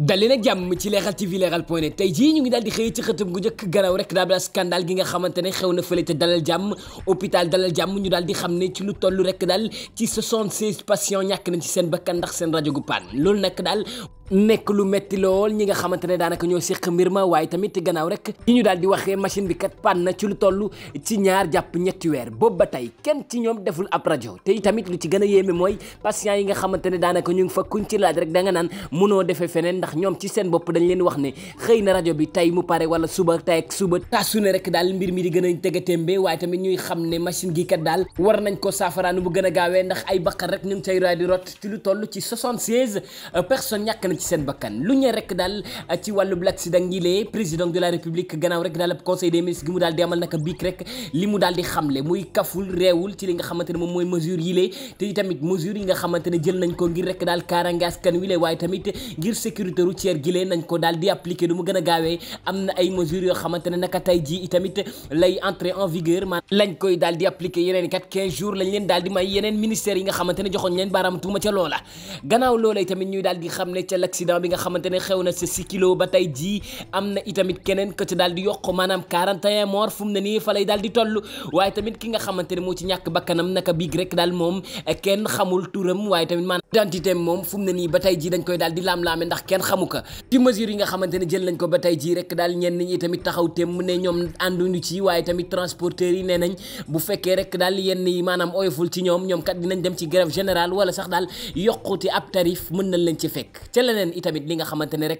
dalli nag jàmm ci leeral tv leeral point net tey jii ñu ngi daal di xëy ci xëtëm gu njëkk gannaaw rek daa bala scandale gi nga xamante ne xew na fële te dalal jàmm hôpital dalal jàmm ñu daal di xam ne ci lu toll rekk daal ci 76 patients ñàkk nañ ci seen bakkan ndax seen rajo gu paan loolu nag daal nekk lu metti lool ñi nga xamante ne daanaka ñoo séq mbir ma waaye tamit gannaaw rek ñi ñu daal di waxee machine bi kat pan na ci lu toll ci ñaar jàpp ñetti weer boobu ba tey kenn ci ñoom deful ab rajo tamit lu ci gën a yéeme mooy patient yi nga xamante ne daanaka ñu ngi fa ci laaj rek da naan mënoo defee feneen ndax ñoom ci seen bopp dañ leen wax ne xëy na rajo bi tey mu pare wala suba tey ak suba tasu ne rek daal mbir mi di gën a tëgatémbe waaye tamit ñuy xam ne machine gi kat daal war nañ ko saafaraanu bu gën a gaawee ndax ay bakkan rek ñu ngi cay raay di rot ci lu toll ci 76 personnes ñàkk na ci seen bakkan lu ñe rek daal ah, ci wàllub l'accident ngi lee président de la république gannaaw rek daal conseil des ministres gi mu daal di amal naka biik rek li mu daal di xamle muy kaful réewul ci li nga xamante moom mooy mesure yi lee te tamit mesure yi nga xamante jël nañ ko ngir di appliquer du mu gën a gaawee am na ay mesures yoo xamante naka tey jii itamit lay entrer en vigueur man lañ koy daal di appliquer yeneen kat 15 jours lañ leen accident bi nga xamante ne xew na sa Sikilo ba tey jii am na itamit keneen ko ci daal di yokk maanaam 41 morts fu mu ne nii fa lay di toll waaye tamit ki nga xamante ne moo ci ñàkk bakkanam naka biig rek daal moom kenn xamul turam waaye tamit identité moom fu mu ne nii ba tey jii dañ koy daal di laam-laame ndax kenn xamu ko mesure yi nga xamante ne jël nañ ko ba tey jii rek daal ñenn ñi tamit taxaw temm ne ñoom ànduñu ci waaye tamit transporteurs yi nee nañ bu fekkee rek daal yenn yi maanaam oyoful ci ñoom ñoom kat dinañ dem ci grève générale wala sax daal yokkuti ab rek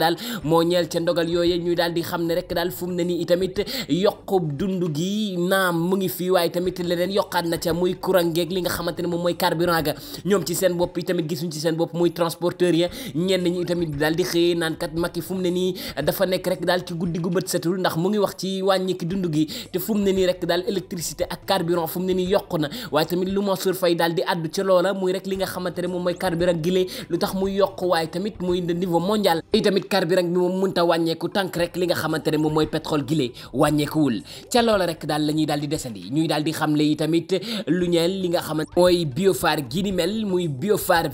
daal moo ñeel ca ndogal yooye ñuy daal di xam ne rek daal fu mu ne nii itamit yokkub dund gi naam mu ngi fii waaye tamit leneen yokkaat na ca muy courant geeg li nga xamante ne moom mooy carburant ga ñoom ci seen bopp itamit gisuñ ci seen bopp muy transporteur ya ñenn ñi itamit daal di xëyee naan kat Macky fu mu ne nii dafa nekk rek daal ci guddi gu bët setul ndax mu ngi wax ci wàññi ki dund gi te fu mu ne nii rek daal électricité ak carburant fu ne nii yokku na waaye tamit lu Mansour Faye daal di addu ca loola muy rek li nga xamante ne moom mooy carburant gile lu tax muy yokk waaye tamit muy de niveau mondial moom mënta wàññeeku tànk rek li nga xamante ne moom mooy pétrole gile wàññeekuwul ca loola rek daal la ñuy daal di desandi ñuy daal di xamle itamit lu ñeel li nga xamante mooy biophare gi ni mel muy biophare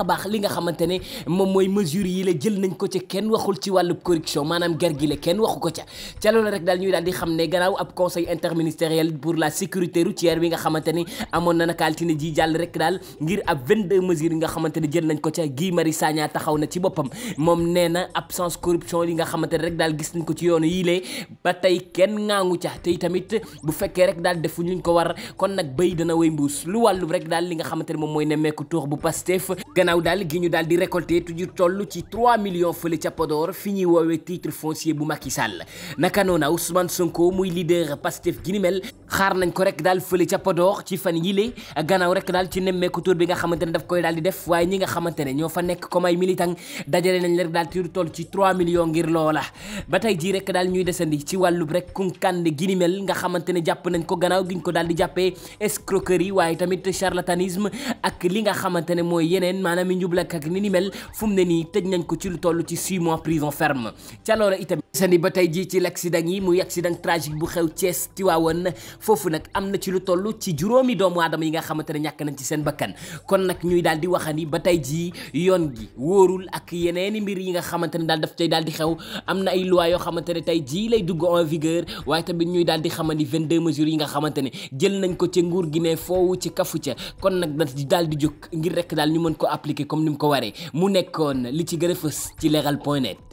a baax li nga xamante ne moom mooy mesures yi la jël nañ ko ca kenn waxul ci wàllu corruption maanaam ger gi la kenn waxu ko ca ca rek daal ñuy daal di xam ne gannaaw ab conseil interministériel pour la sécurité routière bi nga xamante ni amoon na naka altine ji jàll rek daal ngir ab 22 mesures nga xamante jël nañ ko ca Guy Marius Sagna taxaw na ci boppam moom nee na absence corruption yi nga xamante rek daal gis nañ ko ci yoonu yii lee ba tey kenn ngaangu ca tey tamit bu fekkee rek daal defu ñu ko lu wàllu rek daal li nga xamante ne moom mooy nemmeeku tuux bu Pastef gannaaw daal gi ñu daal di récolté tuju toll ci 3 millions fële ca Podor fi ñuy woowee titre foncier bu Macky Sall naka noona Ousmane Sonko muy leader Pastef gi xaar nañ ko rek daal fële ca Podor ci fan yile gannaaw rek daal ci nemmeeku tur bi nga xamante daf koy daal di def waaye ñi nga xamante ñoo fa nekk comme ay dajale nañ rek daal tuju toll ci 3 millions ngir loola ba tey jii rek daal ñuy desandi ci wàllub rek kunkande gi ni anami njublak ak ni ni mel fu mu ne nii tëj nañ ko ci lu toll ci 6 mois prison ferme ca loola itam sani ba tey jii ci l'accident yi muy accident tragique bu xew Thiès Tiwaawan foofu nag am na ci lu toll ci juróomi doomu aadama yi nga xamante ne ñàkk nañ ci seen bakkan kon nag ñuy daal di waxani ba tey jii yoon gi wóorul ak yeneeni mbir yi nga xamante ne daal daf tey daal di xew am na ay loi yoo xamante ne tey jii lay dugg en vigueur waaye tamit ñuy daal di yi nga xamante ne jël nañ ko gi ne foowu ci kafu ca kon nag daal appliqué comme ni mu ko waree mu nekkoon li ci gën a fës ci leral point net